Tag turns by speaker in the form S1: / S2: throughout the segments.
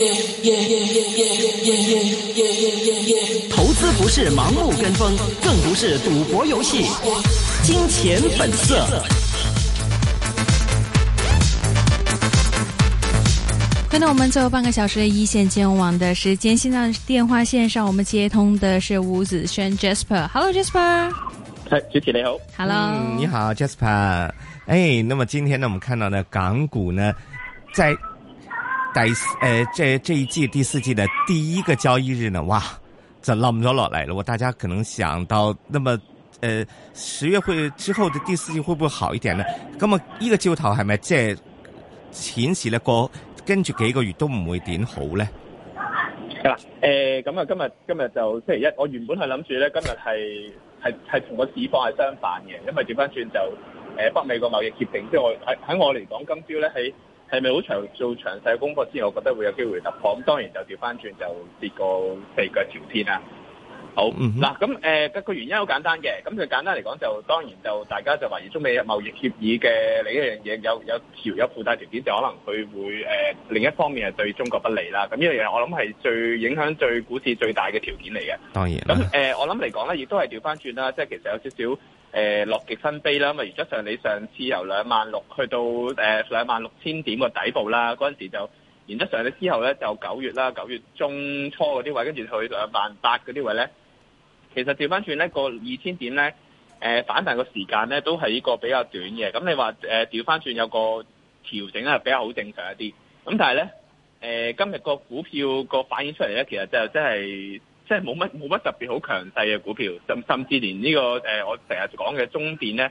S1: 耶投資不是盲目跟風，更不是賭博遊戲，金錢本色。
S2: 回到我們最後半個小時的一線金融網的時間，現在電話線上我們接通的是吳子軒 Jasper。Hello Jasper。
S1: 嗨，主持人你好。Hello，你好 Jasper。哎，那麼今天呢，我們看到呢，港股呢，在。第四誒，這這一季第四季的第一個交易日呢，哇，就冧咗落嚟咯。我大家可能想到，那麼誒、呃、十月份之後的第四季會不會好一點呢麼一個？咁啊，呢個朝頭係咪即係顯示咧個跟住幾個月都唔會點好咧？嗱，
S2: 誒咁啊，今日今日就星期一，我原本係諗住咧今日係係係同個市況係相反嘅，因為點樣算就誒北美個貿易協定，即係我喺喺我嚟講今朝咧喺。是係咪好長做詳細嘅功課先，我覺得會有機會突破。咁當然就調返轉，就跌過四腳朝天啦。好嗱，咁誒、呃、那個原因好簡單嘅，咁、那、就、個、簡單嚟講就當然就大家就懷疑中美貿易協議嘅另一樣嘢有有條有附帶條件，就可能佢會誒、呃、另一方面係對中國不利啦。咁呢樣嘢我諗係最影響最股市最大嘅條件嚟嘅。當然，咁誒、呃、我諗嚟講咧，亦都係調翻轉啦，即係其實有少少誒樂極生悲啦。咁啊，原則上你上次由兩萬六去到誒兩萬六千點個底部啦，嗰陣時就原則上你之後咧就九月啦，九月中初嗰啲位，跟住去兩萬八嗰啲位咧。其實調返轉咧個二千點咧，誒、呃、反彈個時間咧都係呢個比較短嘅。咁你話誒調返轉有個調整咧比較好正常一啲。咁但係咧誒今日個股票個反映出嚟咧，其實就真係真係冇乜冇乜特別好強勢嘅股票，甚甚至連、這個呃、我的中呢個誒我成日講嘅中電咧，誒、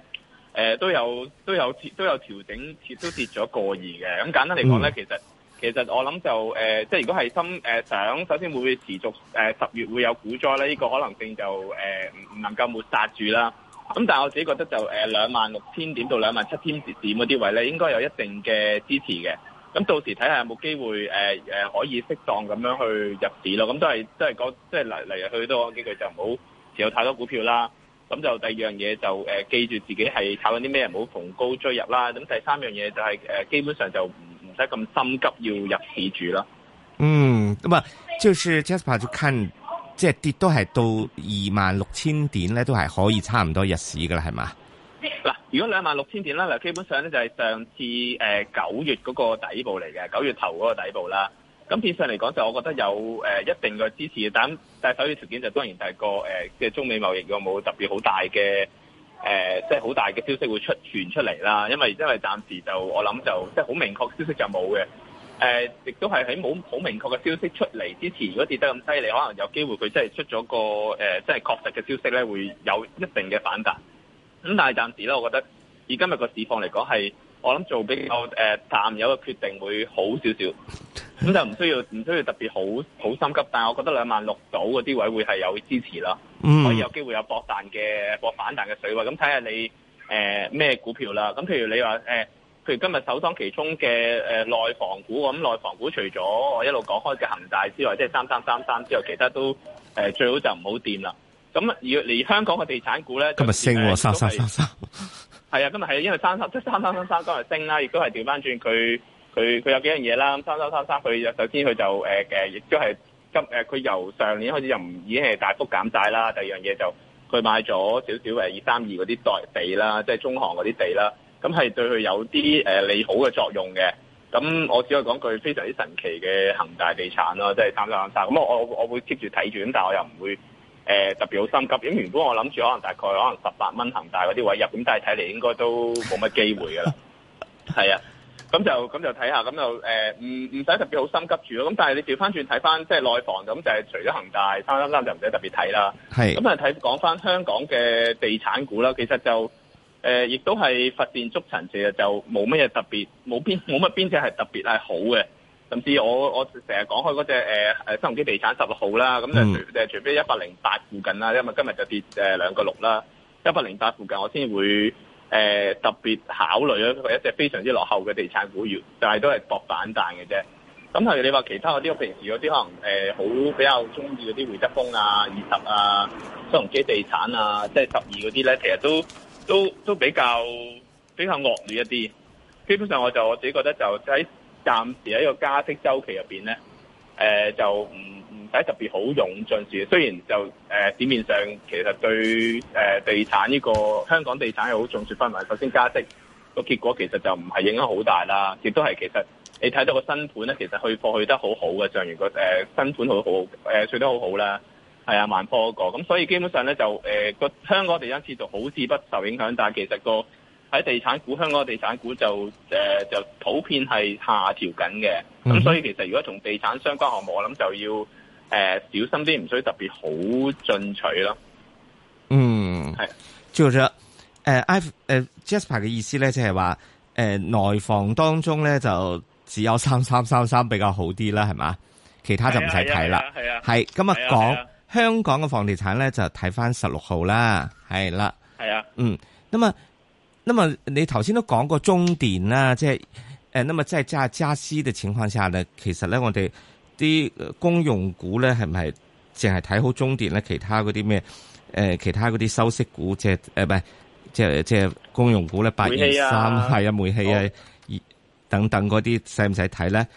S2: 呃、都有都有都有調整都跌咗個二嘅。咁簡單嚟講咧，其實。其實我諗就誒、呃，即係如果係深誒想，首先會唔會持續誒十、呃、月會有股災咧？呢、這個可能性就誒唔、呃、能夠抹殺住啦。咁但係我自己覺得就誒兩萬六千點到兩萬七千點嗰啲位咧，應該有一定嘅支持嘅。咁到時睇下有冇機會誒、呃、可以適當咁樣去入市咯。咁都係即係講，即係嚟嚟去都講幾句，就唔好持有太多股票啦。咁就第二樣嘢就、呃、記住自己係炒緊啲咩，唔好逢高追入啦。咁第三樣嘢就係、是呃、基本上就唔。使咁心急要入市住咯？嗯，
S1: 咁啊，就是 Jasper 就看即係跌都係到二萬六千點咧，都係可以差唔多入市噶啦，係嘛？
S2: 嗱，如果兩萬六千點啦嗱，基本上咧就係上次誒九、呃、月嗰個底部嚟嘅，九月頭嗰個底部啦。咁變相嚟講就，我覺得有誒、呃、一定嘅支持。但但係，首要條件就當然大個誒嘅、呃、中美貿易有冇特別好大嘅。誒、呃，即係好大嘅消息會出傳出嚟啦，因為因為暫時就我諗就即係好明確消息就冇嘅，誒、呃，亦都係喺冇好明確嘅消息出嚟之前，如果跌得咁犀利，可能有機會佢真係出咗個誒、呃，即係確實嘅消息咧，會有一定嘅反彈。咁、嗯、但係暫時咧，我覺得以今日個市況嚟講係。我諗做比較誒、呃、淡友嘅個決定會好少少，咁就唔需要唔需要特別好好心急，但係我覺得兩萬六度嗰啲位會係有支持啦，可、嗯、以有機會有博彈嘅博反彈嘅水位，咁睇下你誒咩、呃、股票啦，咁譬如你話誒、呃，譬如今日首當其衝嘅誒內房股，咁、嗯、內房股除咗我一路講開嘅恒大之外，即係三三三三之外，其他都誒、呃、最好就唔好掂啦。咁而嚟，香港嘅地產股咧，今日升，呃、三三三三？係啊，今日係因為三三即三三三三今日升啦，亦都係調翻轉佢佢佢有幾樣嘢啦，三三三三佢首先佢就誒誒，亦都係今誒佢由上年開始就唔已經係大幅減債啦。第二樣嘢就佢買咗少少誒二三二嗰啲代地啦，即係中行嗰啲地啦，咁係對佢有啲誒利好嘅作用嘅。咁我只可以講句非常之神奇嘅恒大地產咯，即係三三三三。咁我我會 keep 住睇住，咁但係我又唔會。誒、呃、特別好心急，咁原本我諗住可能大概可能十八蚊恒大嗰啲位入，咁但係睇嚟應該都冇乜機會㗎啦。係啊， 咁就咁就睇下，咁就誒唔唔使特別好心急住咯。咁但係你調翻轉睇翻，即係內房咁就係除咗恒大，三他啱就唔使特別睇啦。係的。咁啊睇講翻香港嘅地產股啦，其實就誒、呃、亦都係乏善足陳其實，就冇乜嘢特別，冇邊冇乜邊隻係特別係好嘅。甚至我我成日講開嗰隻誒誒新鴻基地產十六號啦，咁誒誒除非一百零八附近啦，因為今日就跌誒兩個六啦，一百零八附近我先會誒、呃、特別考慮咗，一隻非常之落後嘅地產股，但係都係博反彈嘅啫。咁係你話其他嗰啲，我平時有啲可能誒好、呃、比較中意嗰啲會德豐啊、二十啊、新鴻基地產啊、即係十二嗰啲咧，其實都都都比較比較惡劣一啲。基本上我就我自己覺得就喺。暫時喺一個加息周期入邊咧，誒、呃、就唔唔使特別好勇進住，雖然就誒、呃、市面上其實對誒、呃、地產呢、呢個香港地產又好重視氛圍。首先加息個結果其實就唔係影響好大啦，亦都係其實你睇到個新盤咧，其實去貨去得好好嘅，像如個誒新盤好好誒，去得好好啦。係啊，萬科嗰個咁，所以基本上咧就誒個、呃、香港地產持續好似不受影響，但係其實、嗰個。喺地產股，香港嘅地產股就誒就，就普遍係下調緊嘅，咁、嗯、所以其實如果同地產相關項目，我諗就要誒、呃、小心啲，唔需要特別好進取咯。嗯，
S1: 係朱 Sir，誒，Ivy，誒，Jasper 嘅意思咧，即係話，誒，內房當中咧就只有三三三三比較好啲啦，係嘛？其他就唔使睇啦。係啊，係啊，今日講香港嘅房地產咧，就睇翻十六號啦，係啦，係啊，係啊，嗯，咁啊。咁你頭先都講過中電啦，即係誒，咁啊，在加加息嘅情況下咧，其實咧我哋啲公用股咧係唔係淨係睇好中電咧？其他嗰啲咩誒，其他嗰啲收息股即係誒，唔、呃、係即係即係公用股咧，八二、啊、三係啊，煤氣啊、哦、等等嗰啲使唔使睇咧？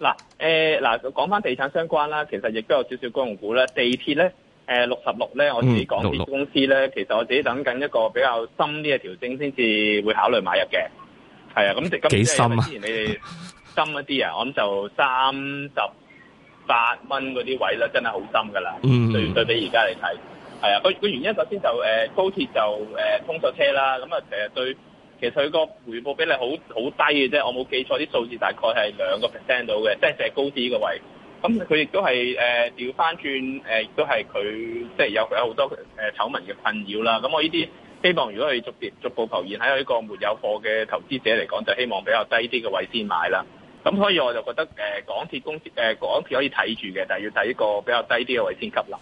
S1: 嗱誒，嗱
S2: 講翻地產相關啦，其實亦都有少少公用股啦，地鐵咧。誒六十六咧，我自己港鐵公司咧，嗯、其實我自己等緊一個比較深啲嘅調整先至會考慮買入嘅。係啊，咁直今即呢，之前你哋深一啲啊，我諗就三十八蚊嗰啲位咧，真係好深㗎啦、嗯。對對比而家嚟睇，係啊，個原因首先就高鐵就通咗車啦，咁啊其實對，其實佢個回報比例好好低嘅啫。我冇記錯啲數字，大概係兩個 percent 到嘅，即係借高鐵呢個位。咁佢亦都係誒調翻轉，誒亦都係佢即係有佢好多誒、呃、醜聞嘅困擾啦。咁、嗯、我呢啲希望，如果佢逐跌逐步求現喺呢個沒有貨嘅投資者嚟講，就希望比較低啲嘅位先買啦。咁、嗯、所以我就覺得誒、呃、港鐵公司誒、呃、港鐵可以睇住嘅，但係要睇呢個比較低啲嘅位先吸納。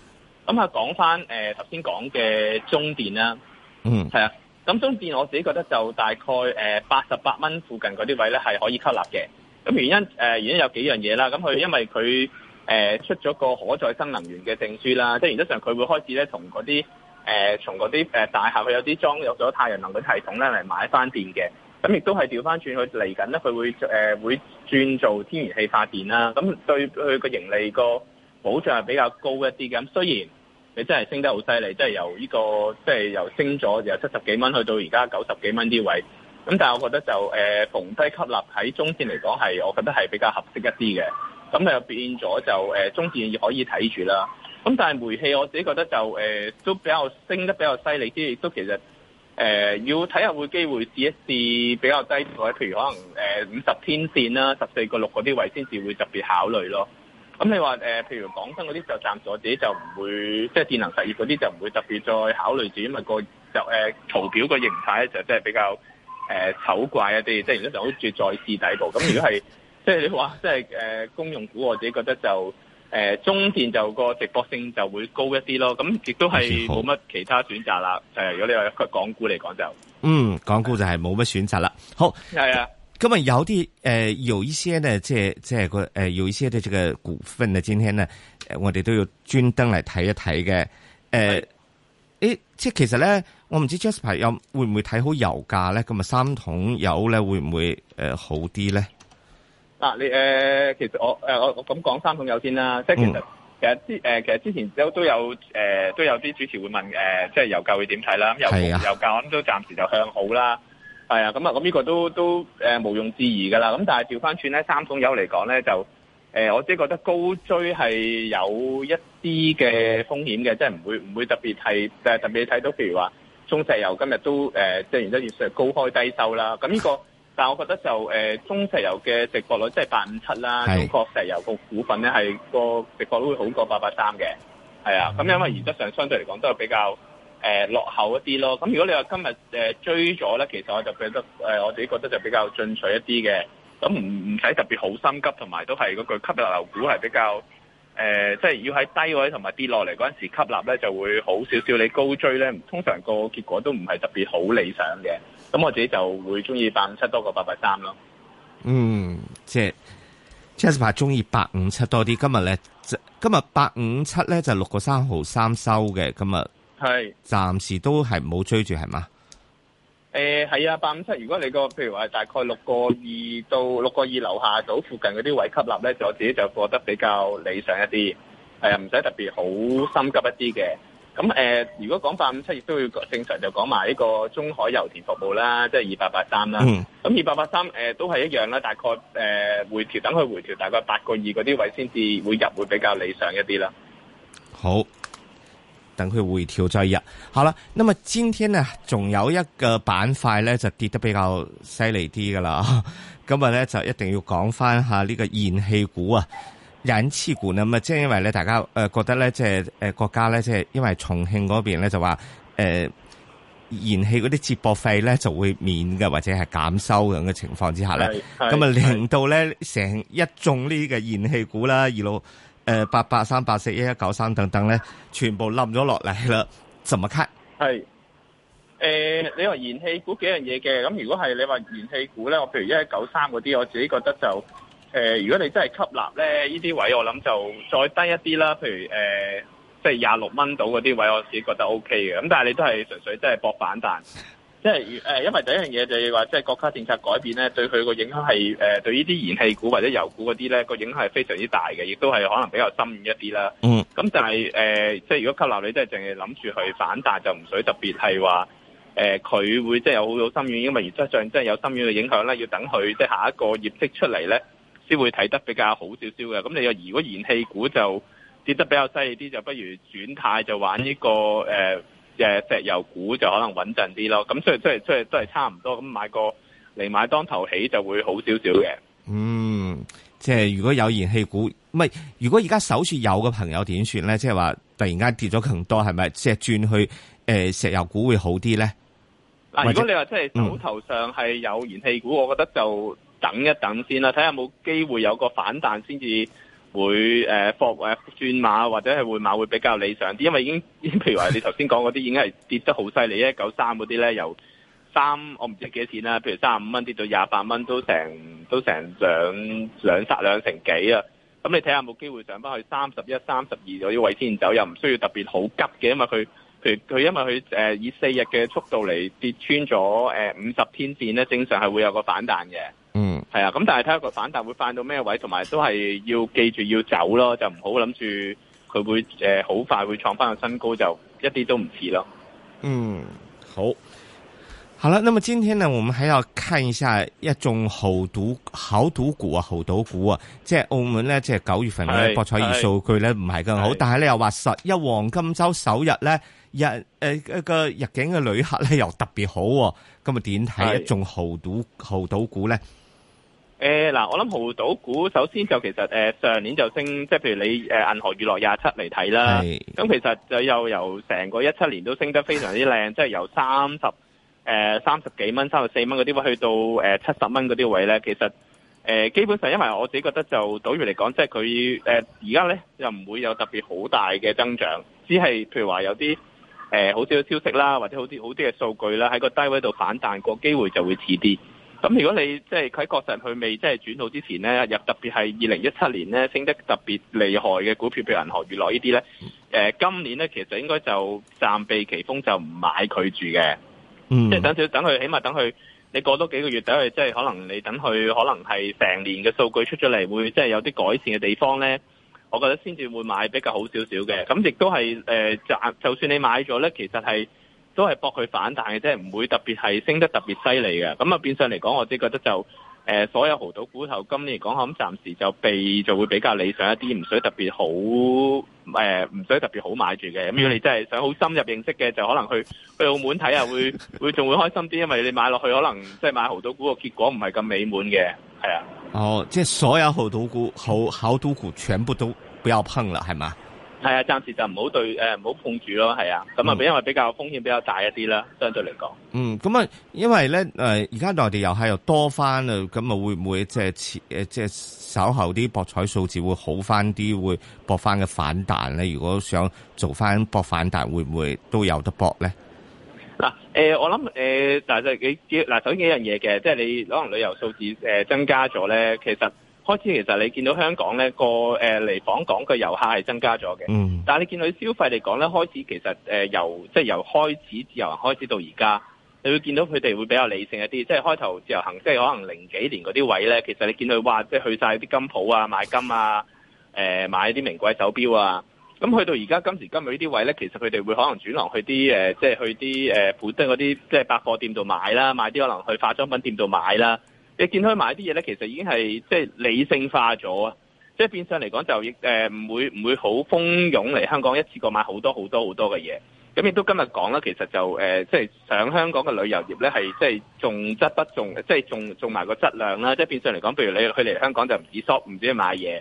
S2: 咁啊講翻誒頭先講嘅中電啦，嗯，係、嗯呃、啊。咁中電我自己覺得就大概誒八十八蚊附近嗰啲位咧係可以吸納嘅。咁原因誒原因有幾樣嘢啦，咁佢因為佢誒、呃、出咗個可再生能源嘅證書啦，即係原則上佢會開始咧同嗰啲誒從嗰啲、呃、大廈佢有啲裝入咗太陽能嘅系統咧嚟買翻電嘅，咁亦都係調翻轉去嚟緊咧，佢會誒、呃、會轉做天然氣發電啦，咁對佢個盈利個保障係比較高一啲嘅。咁雖然你真係升得好犀利，即係由呢個即係由升咗由七十幾蚊去到而家九十幾蚊啲位，咁但係、呃，我覺得就誒逢低吸納喺中線嚟講係，我覺得係比較合適一啲嘅。咁又變咗就、呃、中線亦可以睇住啦。咁但係煤氣，我自己覺得就誒、呃、都比較升得比較犀利啲，亦都其實誒、呃、要睇下會機會試一試比較低位，譬如可能誒五十天線啦、十四個六嗰啲位先至會特別考慮咯。咁你話、呃、譬如港真嗰啲就暫時我自己就唔會，即、就、係、是、電能實業嗰啲就唔會特別再考慮住，因為個就誒、呃、圖表個形態就真係比較。誒、呃，醜怪一啲，即係而家就好似再試底部。咁如果係， 即係你話，即係誒公用股，我自己覺得就誒、呃、中電就個值博性就會高一啲咯。咁亦都係冇乜其他選擇啦。就如果你話一個港股嚟講就，
S1: 嗯，港股就係冇乜選擇啦。是好係啊。咁啊，有啲誒，有一些呢，即係即係個誒，有一些的這個股份呢，今天呢，我哋都要專登嚟睇一睇嘅。誒、呃。誒，即係其實咧，我唔知 Jasper 有會唔會睇好油價咧，咁啊三桶油咧會唔會誒好啲咧？
S2: 嗱，你誒，其實我誒，我會會會會、呃啊呃、我咁、呃、講三桶油先啦，即係、嗯、其實其實之誒，其實之前都有、呃、都有誒都有啲主持會問誒、呃，即係油價會點睇啦？咁油、啊、油價咁都暫時就向好啦、啊嗯這個呃、啦，係啊，咁啊，咁呢個都都誒毋庸置疑噶啦，咁但係調翻轉咧，三桶油嚟講咧就。誒、呃，我自己覺得高追係有一啲嘅風險嘅，即係唔會唔會特別係誒特別睇到，譬如話中石油今日都誒即係原則上高開低收啦。咁呢、這個，但係我覺得就誒、呃、中石油嘅值博率即係八五七啦，是中國石油個股份咧係個值博率會好過八八三嘅，係啊。咁因為原則上相對嚟講都係比較誒、呃、落後一啲咯。咁如果你話今日誒、呃、追咗咧，其實我就覺得誒、呃、我自己覺得就比較進取一啲嘅。咁唔唔使特別好心急，同埋都係嗰句，吸納牛股係比較，誒、呃，即係要喺低位同埋跌落嚟嗰陣時吸納咧，就會好少少。你高追咧，通常個結果都唔係特別好理想嘅。咁我自己就會中意八五七多過八八三咯。嗯，
S1: 即係話中意八五七多啲。今日咧，今日八五七咧就六、是、個三毫三收嘅。今日係暫時都係冇追住，係嘛？
S2: 誒係、呃、啊，八五七，如果你個譬如話大概六個二到六個二樓下到附近嗰啲位吸納咧，就我自己就覺得比較理想一啲。係、呃、啊，唔使特別好心急一啲嘅。咁、呃、如果講八五七，亦都要正常就講埋呢個中海油田服務啦，即係二八八三啦。咁二八八三都係一樣啦，大概、呃、回調，等佢回調大概八個二嗰啲位先至會入，會比較理想一啲啦。
S1: 好。等佢回調再入，好啦。咁啊，今天呢仲有一個板塊呢，就跌得比較犀利啲噶啦。咁啊，呢就一定要講翻下呢個燃氣股啊、引氣股啊。咁啊，即係因為呢大家誒、呃、覺得呢，即係誒、呃、國家呢，即係因為重慶嗰邊呢，就話誒燃氣嗰啲接駁費呢，就會免嘅，或者係減收咁嘅情況之下呢。咁啊令到呢成的一眾呢啲嘅燃氣股啦而路。誒，八八三、八四一一九三等等咧，全部冧咗落嚟啦，咁點
S2: 睇？係誒、呃，你話燃氣股幾樣嘢嘅，咁如果係你話燃氣股咧，我譬如一一九三嗰啲，我自己覺得就誒、呃，如果你真係吸納咧，呢啲位我諗就再低一啲啦，譬如誒，即係廿六蚊度嗰啲位，我自己覺得 O K 嘅，咁但係你都係純粹真係搏反彈。即係誒，因為第一樣嘢就要話，即係國家政策改變咧，對佢個影響係誒，對呢啲燃氣股或者油股嗰啲咧個影響係非常之大嘅，亦都係可能比較深遠一啲啦。嗯。咁但係誒、呃，即係如果吸納你，即係淨係諗住去反彈，就唔使特別係話誒，佢、呃、會即係有好深遠，因為實質上真係有深遠嘅影響咧，要等佢即係下一個業績出嚟咧，先會睇得比較好少少嘅。咁你又，如果燃氣股就跌得比較犀利啲，就不如轉態就玩呢、這個誒。呃誒，石油股就可能穩陣啲咯，咁所以即係即係都係差唔多，咁買個嚟買，買當頭起就會好少少嘅。嗯，
S1: 即係如果有燃氣股，唔係如果而家首次有嘅朋友點算咧？即係話突然間跌咗咁多，係咪即係轉去誒石油股會好啲咧？嗱，如果你話即係手
S2: 頭上係有燃氣股，嗯、我覺得就等一等先啦，睇下有冇機會有個反彈先至。會誒復位轉馬或者係換馬會比較理想啲，因為已經，譬如話你頭先講嗰啲已經係跌得好犀利，一九三嗰啲咧由三我唔知多幾多錢啦，譬如三十五蚊跌到廿八蚊，都成都成兩兩殺兩成幾啊！咁你睇下冇機會上翻去三十一、三十二，嗰啲位先走，又唔需要特別好急嘅，因為佢，佢佢因為佢誒以四日嘅速度嚟跌穿咗誒五十天線咧，正常係會有個反彈嘅。嗯，係啊，咁但係睇下個反彈會翻到咩位，同埋都係要記住要走咯，就唔好諗住佢會誒好、呃、快會創翻個新高，就一啲都唔似咯。嗯，
S1: 好，好了，那麼今天呢，我們還要看一下一眾豪賭豪賭股啊，豪賭股啊，即係澳門呢，即係九月份月呢，博彩業數據呢唔係咁好，是但係你又話十一黃金周首日呢，日誒一個入境嘅旅客呢又特別好、啊，咁啊點睇一眾豪賭是豪賭股呢？
S2: 誒，嗱、呃，我諗濠賭股，首先就其實誒、呃、上年就升，即係譬如你誒銀、呃、河娛樂廿七嚟睇啦，咁是其實就又由成個一七年都升得非常之靚，即、就、係、是、由三十誒三十幾蚊、三十四蚊嗰啲位去到誒七十蚊嗰啲位咧，其實誒、呃、基本上，因為我自己覺得就賭娛嚟講，即係佢誒而家咧又唔會有特別好大嘅增長，只係譬如話有啲誒好少消息啦，或者好啲好啲嘅數據啦，喺個低位度反彈，個機會就會遲啲。咁如果你即係佢喺確實佢未即係轉到之前咧，入特別係二零一七年咧升得特別厲害嘅股票，譬如銀河娛樂呢啲咧，誒、呃、今年咧其實就應該就暫避其鋒就，嗯、就唔買佢住嘅，即係等少等佢，起碼等佢你過多幾個月等佢，即、就、係、是、可能你等佢可能係成年嘅數據出咗嚟，會即係有啲改善嘅地方咧，我覺得先至會買比較好少少嘅。咁亦都係誒、呃、就就算你買咗咧，其實係。都係搏佢反彈嘅即係，唔會特別係升得特別犀利嘅。咁啊變相嚟講，我自己覺得就誒、呃、所有濠賭股頭今年嚟講，咁暫時就避就會比較理想一啲，唔、呃、使特別好誒，唔使特別好買住嘅。咁如果你真係想好深入認識嘅，就可能去去澳門睇下，會會仲會開心啲，因為你買落去可能即係買濠賭股個結果唔係咁美滿嘅，係啊。
S1: 哦，即係所有濠賭股、濠濠賭股全部都不要碰啦，係嗎？
S2: 係啊，暫時就唔好對誒，唔、呃、好碰住咯，係啊。咁啊，因為比較風險比較大一啲啦，相對嚟講、
S1: 嗯。嗯，咁啊，因為咧誒，而家內地遊客又多翻啊，咁、嗯、啊會唔會即係遲誒即係稍後啲博彩數字會好翻啲，會搏翻嘅反彈咧？如果想做翻博反彈，會唔會都有得搏咧？嗱、
S2: 啊，誒、呃，我諗誒，嗱就幾幾，嗱首先幾樣嘢嘅，即係你可能旅遊數字誒增加咗咧，其實。開始其實你見到香港咧，個誒嚟訪港嘅遊客係增加咗嘅。嗯、但係你見佢消費嚟講咧，開始其實由即係、就是、由開始自由行開始到而家，你會見到佢哋會比較理性一啲。即、就、係、是、開頭自由行，即、就、係、是、可能零幾年嗰啲位咧，其實你見佢話即係去晒啲金鋪啊、買金啊、呃、買啲名貴手錶啊。咁去到而家今時今日呢啲位咧，其實佢哋會可能轉行去啲即係去啲誒、呃、普通嗰啲即係百貨店度買啦，買啲可能去化妝品店度買啦。你見佢買啲嘢咧，其實已經係即係理性化咗啊！即係變相嚟講就亦誒唔會唔會好蜂擁嚟香港一次過買好多好多好多嘅嘢。咁亦都今日講啦，其實就誒即係上香港嘅旅遊業咧，係即係重質不重，即係重，重重埋個質量啦。即係變相嚟講，譬如你佢嚟香港就唔止 shop，唔止去買嘢，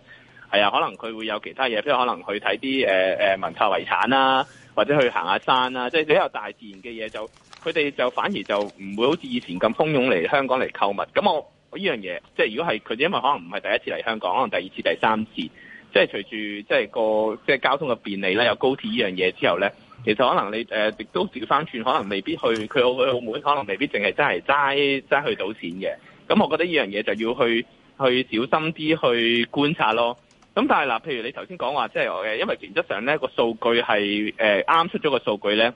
S2: 係啊，可能佢會有其他嘢，譬如可能去睇啲誒誒文化遺產啦，或者去行下山啦，即係比較大自然嘅嘢就。佢哋就反而就唔會好似以前咁蜂擁嚟香港嚟購物。咁我呢樣嘢，即係如果係佢哋，因為可能唔係第一次嚟香港，可能第二次、第三次，即係隨住即係個即係交通嘅便利咧，有高鐵呢樣嘢之後咧，其實可能你誒亦、呃、都調翻轉，可能未必去佢去澳門，可能未必淨係真係齋齋去賭錢嘅。咁我覺得呢樣嘢就要去去小心啲去觀察咯。咁但係嗱、呃，譬如你頭先講話，即係我嘅，因為原則上咧個數據係啱、呃、出咗個數據咧。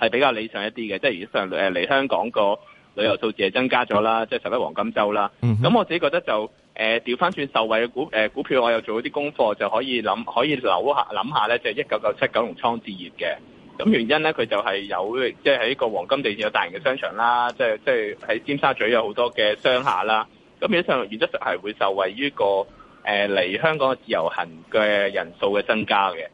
S2: 係比較理想一啲嘅，即係如果上誒嚟香港個旅遊數字係增加咗啦，即係十一黃金週啦。咁、嗯、哼我自己覺得就誒調返轉受惠嘅股誒、呃、股票，我又做咗啲功課，就可以諗可以留下諗下咧，就係一九九七九龍倉置業嘅。咁原因咧，佢就係有即係喺一個黃金地段有大型嘅商場啦，即係即係喺尖沙咀有好多嘅商廈啦。咁如果上原則上係會受惠於個誒嚟、呃、香港嘅自由行嘅人數嘅增加嘅。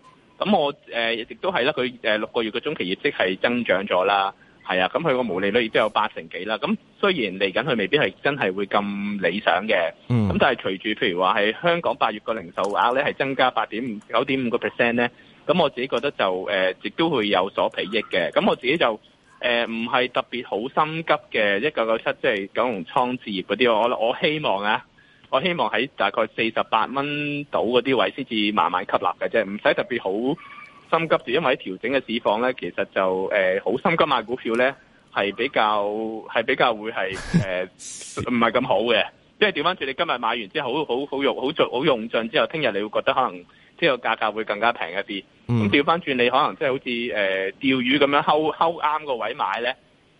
S2: 咁我誒亦、呃、都係啦，佢六個月嘅中期業績係增長咗啦，係啊，咁佢個毛利率亦都有八成幾啦。咁雖然嚟緊佢未必係真係會咁理想嘅，咁、嗯、但係隨住譬如話係香港八月個零售額咧係增加八點五九點五個 percent 咧，咁我自己覺得就誒亦、呃、都會有所裨益嘅。咁我自己就誒唔係特別好心急嘅，一九九七即係九龍倉置業嗰啲，我我希望啊。我希望喺大概四十八蚊到嗰啲位先至慢慢吸納嘅啫，唔使特別好心急住，因為調整嘅市況咧，其實就誒好、呃、心急買股票咧，係比較，係比較會係誒唔係咁好嘅。因為調翻轉，你今日買完之後好好好，好，好用好盡好用盡之後聽日你會覺得可能即係個價格會更加平一啲。咁調翻轉，你可能即係好似誒釣魚咁樣，睺睺啱個位買咧，誒、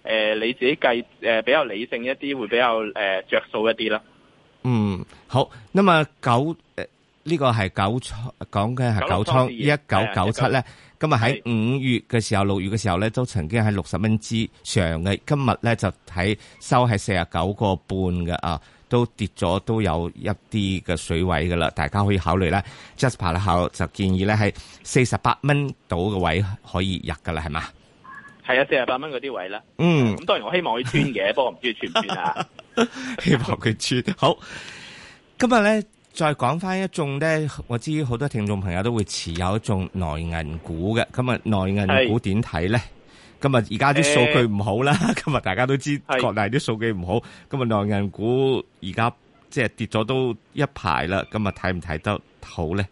S2: 呃、你自己計誒、呃、比較理性一啲，會比較誒着數一啲啦。
S1: 嗯，好。咁啊，九誒，呢個係九倉，講嘅係九倉一九九七咧。今日喺五月嘅時候、六月嘅時候咧，都曾經喺六十蚊之上嘅。今日咧就喺收喺四啊九個半嘅啊，都跌咗都有一啲嘅水位噶啦。大家可以考慮咧，Jasper 咧考就建議咧係四十八蚊度嘅位可以入噶啦，係咪？
S2: 係啊，四十八蚊嗰啲位啦。嗯。咁當然我希望可以穿嘅， 我不過唔知穿唔穿啊。
S1: 希望佢轉好。今日咧，再講翻一種咧，我知好多聽眾朋友都會持有一種內銀股嘅。咁啊，內銀股點睇咧？今日而家啲數據唔好啦。欸、今日大家都知國內啲數據唔好。咁啊是，內銀股而家即係跌咗都一排啦。咁啊，睇唔睇得好咧？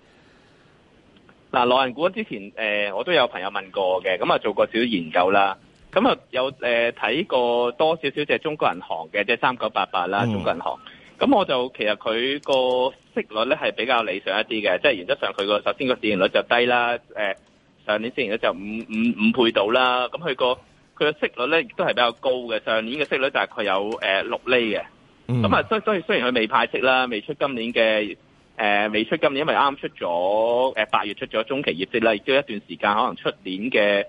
S2: 嗱，內銀股之前誒、呃，我都有朋友問過嘅。咁啊，做過少少研究啦。咁啊有誒睇、呃、過多少少隻中國銀行嘅，即係三九八八啦，中國銀行。咁我就其實佢個息率咧係比較理想一啲嘅，即、就、係、是、原則上佢個首先個市盈率就低啦、呃。上年市盈率就五五五倍到啦。咁佢個佢嘅息率咧亦都係比較高嘅。上年嘅息率就係佢有六、呃、厘嘅。咁啊，所以雖然雖然佢未派息啦，未出今年嘅、呃、未出今年，因為啱出咗誒八月出咗中期業績啦，亦都有一段時間可能出年嘅。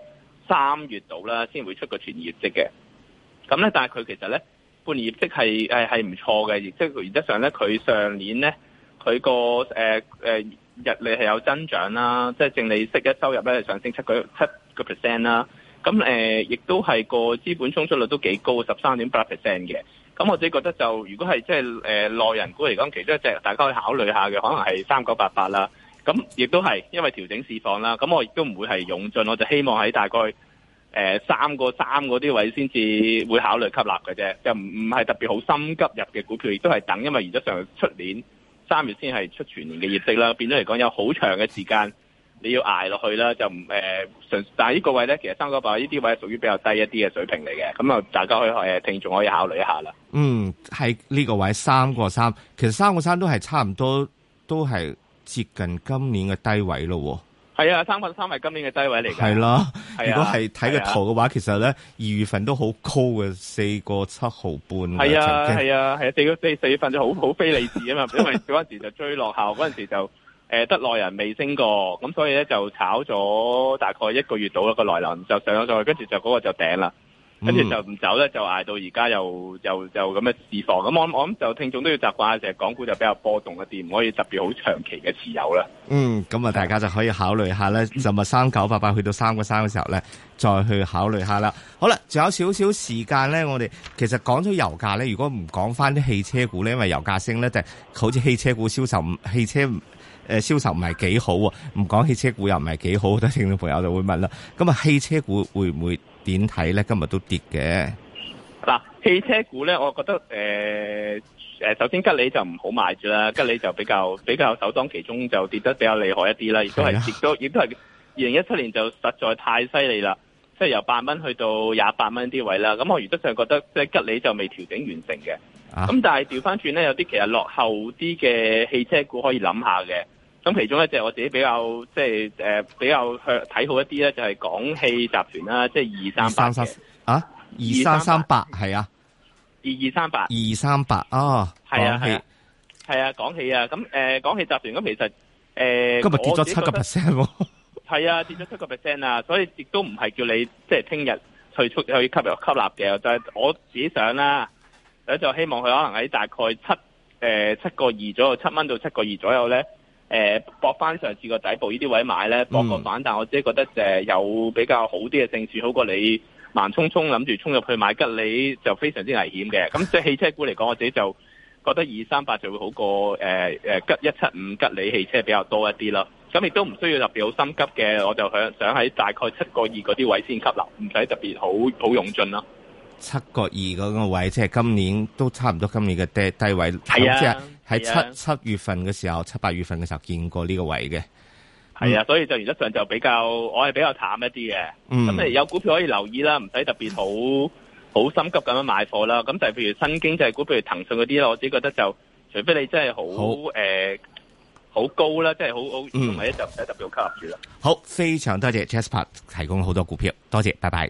S2: 三月度啦，先會出個全年業績嘅。咁咧，但係佢其實咧，半年業績係誒係唔錯嘅。即係原則上咧，佢上年咧，佢、那個誒誒、呃、日利係有增長啦，即係淨利息嘅收入咧上升七個七個 percent 啦。咁誒，亦、啊呃、都係個資本充足率都幾高，十三點八 percent 嘅。咁我自己覺得就，如果係即係誒內銀股嚟講，其中一隻大家可以考慮下嘅，可能係三九八八啦。咁亦都係，因為調整市況啦。咁我亦都唔會係湧進，我就希望喺大概誒三個三嗰啲位先至會考慮吸納嘅啫，又唔唔係特別好心急入嘅股票，亦都係等，因為而家上出年三月先係出全年嘅業績啦。變咗嚟講，有好長嘅時間你要挨落去啦。就唔誒、呃，但係呢個位咧，其實三個八呢啲位係屬於比較低一啲嘅水平嚟嘅。咁啊，大家可以誒聽眾可以考慮一下啦。嗯，
S1: 係呢個位三個三，其實三個三都係差唔多，都係。接近今年嘅低位咯喎，
S2: 係啊，三百三係今年嘅低位嚟嘅。係啦、啊。係啊、如果係睇個圖嘅
S1: 話，啊、其實咧二月份都好高嘅，四個七毫半。係啊，係
S2: 經啊，係啊，四個四四月份就好好非利市啊嘛， 因為嗰陣時候就追落後，嗰陣時候就誒、呃、得內人未升過，咁所以咧就炒咗大概一個月到一、那個內輪，就上咗上去，跟住就嗰、嗰個就頂啦。跟住就唔走咧，就捱到而家又又又咁樣自放。咁我我諗就聽眾都要習慣，成日港股就比較波動嘅，啲唔可以特別好長期嘅持有啦。
S1: 嗯，咁啊，大家就可以考慮下咧，就咪三九八八去到三個三嘅時候咧，再去考慮下啦。好啦，仲有少少時間咧，我哋其實講咗油價咧，如果唔講翻啲汽車股咧，因為油價升咧，就係好似汽車股銷售汽車誒銷售唔係幾好啊，唔講汽車股又唔係幾好，好多聽眾朋友就會問啦。咁啊，汽車股會唔會？點睇咧？今日都跌嘅。
S2: 嗱、啊，汽車股咧，我覺得誒誒、呃，首先吉利就唔好買住啦，吉利就比較比較首當其衝就跌得比較厲害一啲啦，亦都係跌咗，亦都係二零一七年就實在太犀利啦，即係由八蚊去到廿八蚊啲位啦。咁我余德上覺得，即係吉利就未調整完成嘅。咁、啊、但係調翻轉咧，有啲其實落後啲嘅汽車股可以諗下嘅。咁其中一隻我自己比較即係誒比較睇好一啲咧，就係廣汽集團啦，即係二三八啊，
S1: 二三三八係啊，
S2: 二二三八，二三
S1: 八啊，係啊係
S2: 啊，係啊廣汽啊，咁誒廣汽集團，咁其實誒，今日跌咗七個
S1: percent
S2: 喎，係啊跌咗七個 percent 啊。所以亦都唔係叫你即係聽日退出去吸入吸納嘅，就係、是、我自己想啦，我就希望佢可能喺大概七誒七個二左右，七蚊到七個二左右咧。誒搏翻上次個底部呢啲位買咧，博個反彈。嗯、但我自己覺得誒有比較好啲嘅勝算，好過你盲衝衝諗住衝入去買吉利就非常之危險嘅。咁即係汽車股嚟講，我自己就覺得二三八就會好過誒、呃、吉一七五吉利汽車比較多一啲啦。咁亦都唔需要特別好心急嘅，我就想想喺大概七個二嗰啲位先吸納，唔使特別好好勇進啦。
S1: 七個二嗰個位即係今年都差唔多，今年嘅低，低位係啊。喺、啊、七七月份嘅時候，七八月份嘅時候見過呢個位嘅，係、嗯、啊，所
S2: 以就原則上就比較我係比較淡一啲嘅。咁、嗯、你有股票可以留意啦，唔使特別好好心急咁樣買貨啦。咁就譬如新經濟股，譬如騰訊嗰啲啦，我自己覺得就除非你真係好誒好，、呃、好高啦，即係好好同埋咧就唔使特別好吸住啦。
S1: 好，非常多謝 Chess Park 提供好多股票，多謝，拜拜。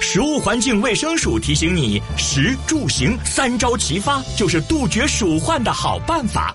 S1: 食物環境衛生署提醒你：食、住、行三招齊發，就是杜絕鼠患的好辦法。